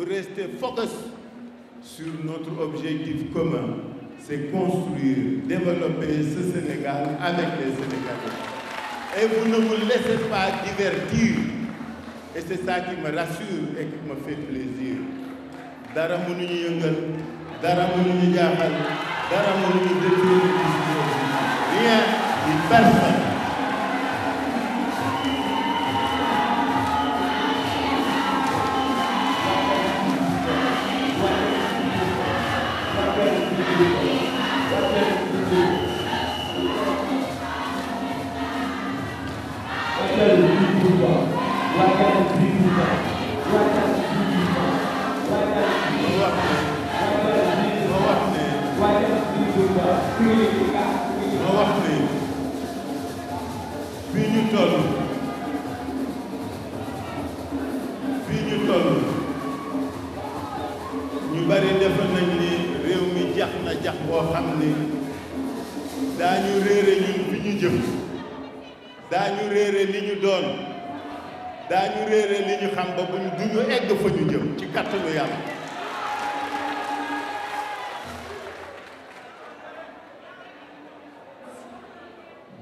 Rester focus sur notre objectif commun, c'est construire, développer ce Sénégal avec les Sénégalais. Et vous ne vous laissez pas divertir. Et c'est ça qui me rassure et qui fait plaisir. dara mënuñu yëngal dara mënuñu jaaxal dara mënuñu détourner rien ni personne daañu réere ñun fi ñu jëm daañu réere li ñu doon dañu réer li ñu xam ba bu ñu du ñu egg fa ñu jëm ci kattanu yàlla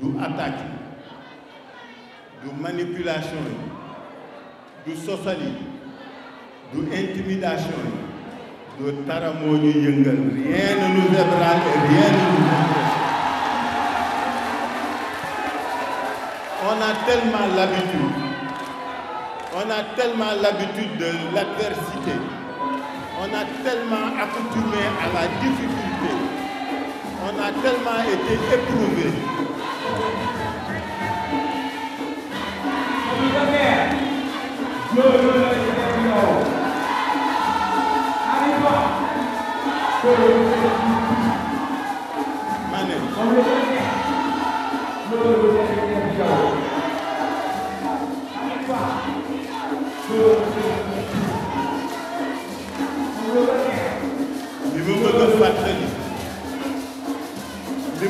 du attaque du manipulation yi du sosal yi du intimidation yi du tara ñu yëngal rien ne nous ébranle et rien ne nous on a tellement l'habitude, on a tellement l'habitude de l'adversité, on a tellement accoutumé à la difficulté, on a tellement été éprouvé.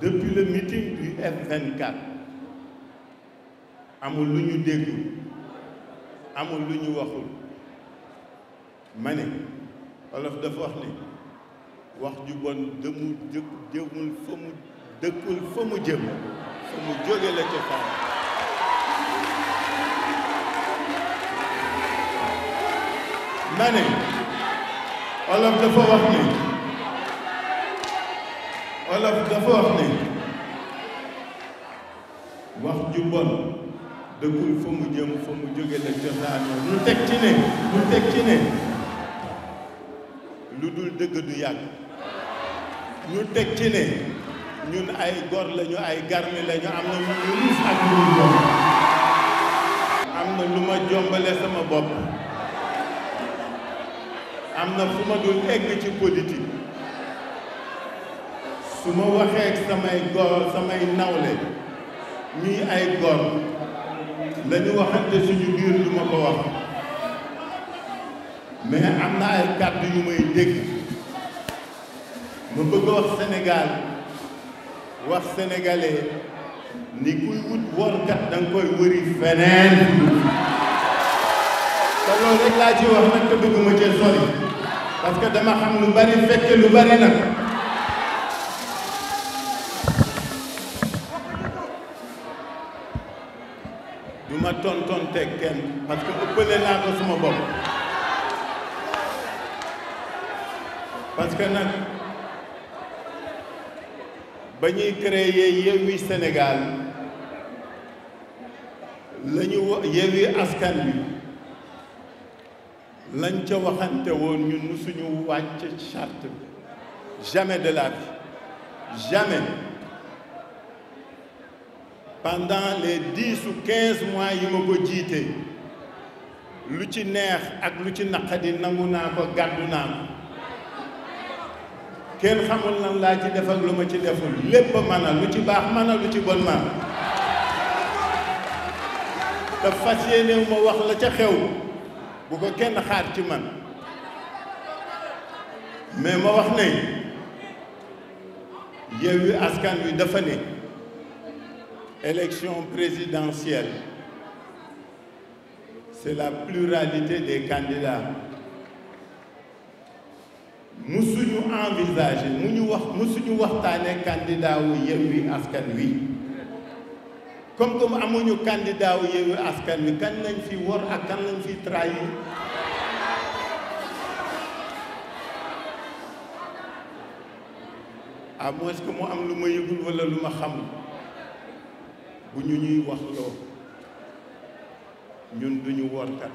depuis le meeting du F24 amul lu ñu déggul amul lu ñu waxul ma ne dafa wax ne wax ju bon dëmu jë jëmul fa mu dëkkul fa mu jëm fa mu jóge la ca faaw ma ne dafa wax ne olof dafa wax ni wax ju bon dëggul fa mu jëm fa mu jóge la cosaanoo ñu teg ci ne ñu teg ci ne lu dul dëgga du yàgg ñu teg ci ne ñun ay gor lañu ay garmi lañu am na ñu ruus ak ñu jom am na lu ma jombale sama bopp am na fu ma dul egg ci politique su ma waxee samay góor samay nawle ñuy ay góor la waxante suñu biir lu ma ko wax mais am na ay kàddu yu may dégg ma bëgg wax Sénégal wax sénégalais ni kuy wut workat da koy wëri feneen te loolu laa ci wax nag te bëgguma ci sori parce que dama xam lu bari fekke lu bari nag tontonteeg kenn parce que ëppale naa ko suma bopp parce que nag ba ñuy créer Yewwi Sénégal la ñu Yewwi Askan Wi lañ ca waxante woon ñun musuñu wàcc charte bi jamais de la vie pendant les dix ou quinze mois yi ma ko jiite lu ci neex ak lu ci naqadi nangu naa ko gàddu naa ko kenn xamul nan laa ci def ak lu ma ci deful lépp mën a lu ci baax mën a lu ci bon mën te fas yéene ma wax la ca xew bu ko kenn xaar ci man mais ma wax ne Yewwi Askan Wi dafa ne élection présidentielle, c'est la pluralité des candidats. musuñu envisager mu ñu wax suñu waxtaanee candidat wu Yewwi Askan Wi comme comme amuñu candidat wu Yewwi Askan Wi kan lañ fi wor ak kan lañ fi trahir à ah, moins que am lu ma yëgul walla lu ma xamul bu ñu ñuy wax loo ñun duñu woonkat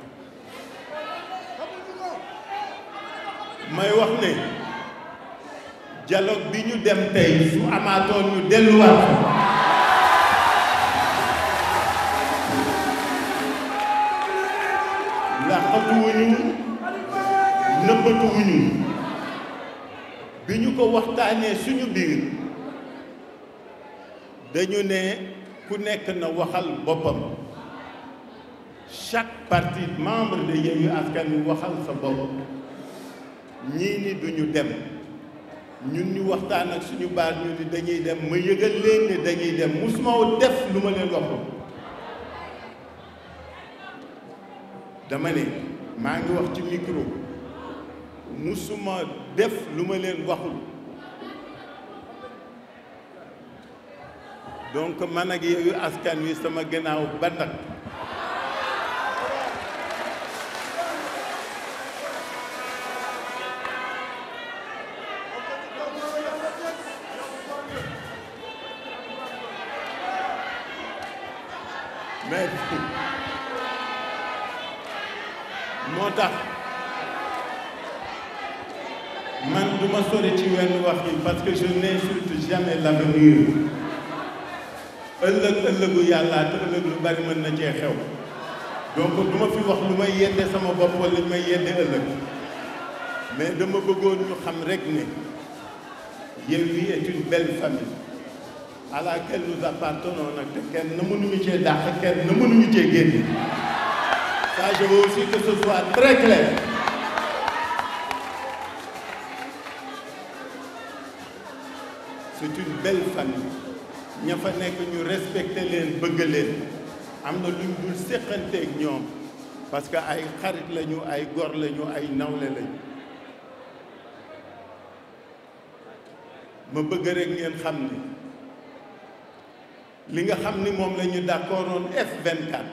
may wax ne dialogue bi ñu dem tey su amaatoon ñu delluwaat laqatuwuñu nëbbatuwuñu bi ñu ko waxtaanee suñu biir dañu ne ku nekk na waxal boppam chaque parti membre de Yewwi Askan Wi waxal sa bopp ñii ni duñu dem ñun ñu waxtaan ak suñu baat ñu ni dañuy dem ma yëgal leen ne dañuy dem musuma def lu ma leen waxul dama ne maa ngi wax ci micro musuma def lu ma leen waxul donc man ak Yewwi Askan Wi sama gannaaw bandak mais moo tax man du ma sori ci wenn wax yi parce que je n'insulte jamais l'avenir ëllëg ëllëgu yàllaa te ëllëg lu bari mën na cee xew donc du ma fi wax lu may yedde sama bopp wala lu may yedde ëllëg mais dama bëggoon ñu xam rek ne Yewwi est une belle famille à laquelle nous nag te kenn na mënuñu cee dàq kenn na mënuñu cee génne ça je veux aussi soit très clair c'est une belle ña fa nekk ñu respecté leen bëgg leen am na luñ dul séqanteeg ñoom parce que ay xarit lañu ay gor lañu ay nawle lañu ma bëgg rek ngeen xam ni li nga xam ni moom la ñu d'accordoon F24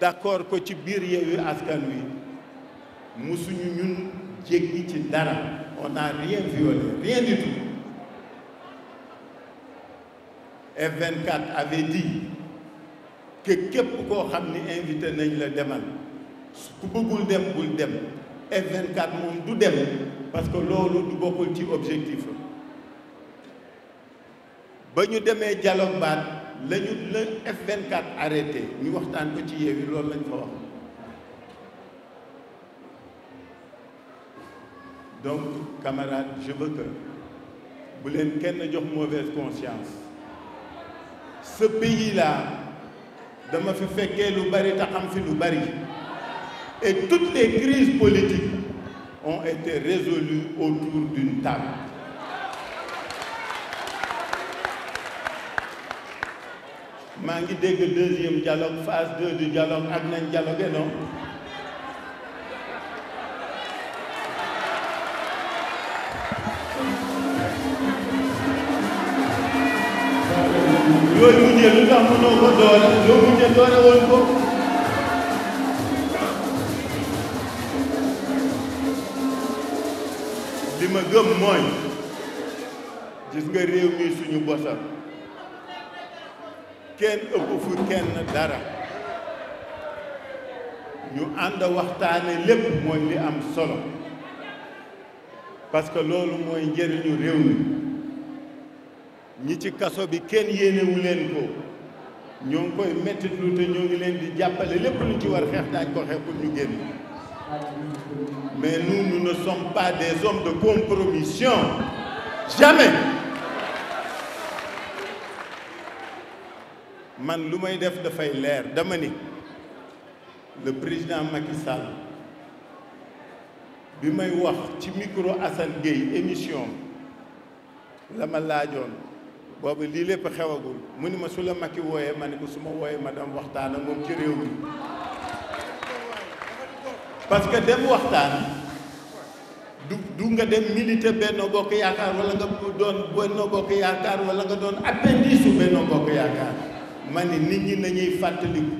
d'accord ko ci biir Yewwi Askan Wi musuñu ñun jéggi ci dara on rien violé rien du tout F24 avait dit que képp koo xam ni invité nañ la demal ku bëggul dem bul dem F24 moom du dem parce que loolu du bokkul ci objectif ba ñu demee dialogue baat la ñu la F24 arrêté ñu waxtaan ko ci Yewwi loolu lañ fa wax donc camarades je veux que leen kenn jox mauvaise conscience ce pays là dama fi fekkee lu bari taxam xam fi lu bari et toutes les crises politiques ont été résolues autour d'une table maa ngi dégg deuxième dialogue phase deux du dialogue ak nañ dialogue eh non mujjee lu ma gëm mooy gis nga réew mi suñu bosal kenn ëpp fu kenn dara ñu ànd waxtaane lépp mooy li am solo parce que loolu mooy njëriñu réew mi ñi ci kaso bi kenn yéenewu leen ko ñoo ngi koy métti te ñoo ngi leen di jàppale lépp lu ci war xeex daañ ko xeex pour ñu génn mais nous nous ne sommes pas des hommes de compromission jamais man lu may def dafay leer dama ni le président Macky bi may wax ci micro Assane Gueye émission la ma laajoon boobu lii lépp xewagul mu ni ma su la Macky wooyee ma ni ma su ma wooyee ma dem waxtaan ak moom ci réew mi parce que dem waxtaan du du nga dem militer Benno Bokk Yaakaar wala nga doon Benno Bokk Yaakaar wala nga doon appendice su Benno Bokk Yaakaar ma ni nit ñi nañuy fàttaliku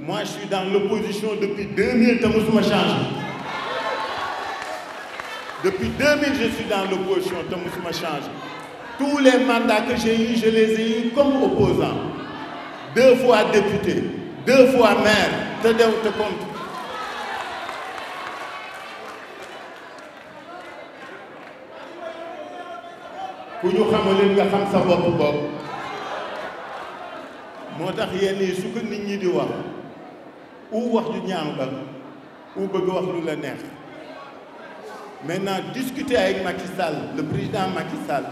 moi je suis dans l'opposition depuis 2000 te mosuma changé depuis 2000 je suis dans l'opposition te mosuma changé Tous les mandats que j'ai eus, je comme opposant. Deux fois député, deux fois maire, te te compte. ku ñu xamalul nga xam sa bopp bopp moo tax yenn yi su ko nit ñi di wax u wax ju ñaaw la u bëgg wax lu la neex maintenant discuter avec Macky Sall le président Macky Sall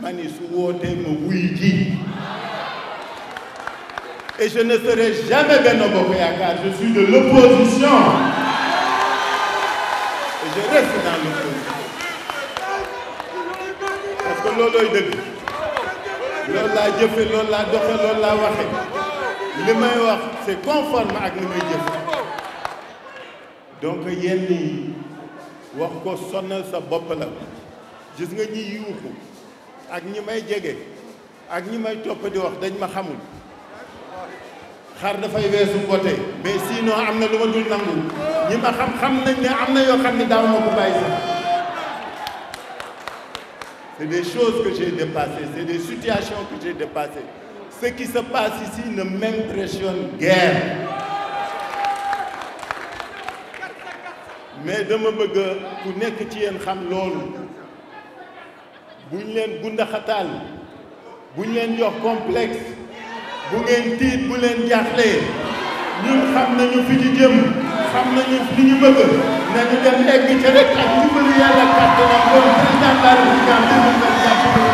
ma ni su wootee ma wuy ji et je ne serai jamais Benno Bokk Yaakaar je suis de l'opposition et je reste dans l'opposition dëgg loolu laa jëfe loolu laa doxe loolu laa waxe li may wax c'est conforme ak ni may jëfe donc yenn yi wax ko sonnal sa bopp la gis nga ñi yuuxu ak ñi may jege ak ñi may topp di wax dañ ma xamul xar dafay weesu côté mais sinon am na lu ma dul nangu ñi ma xam xam nañ ne am na yoo xam ne daaw ma ko bàyyi sax c'est des choses que j'ai dépassées c'est des situations que j'ai dépassées ce qui se passe ici ne m'impressionne guère mais dama bëgg ku nekk ci yéen xam loolu bu ñu leen bundaxataal bu ñu leen jox complexe bu ngeen tiit bu leen jaaxlee ñun xam nañu fi ñu xam nañu li ñu bëgg nañu dem egg ca rek ak dimbalu yàlla kàttanam loolu président de la République en 2024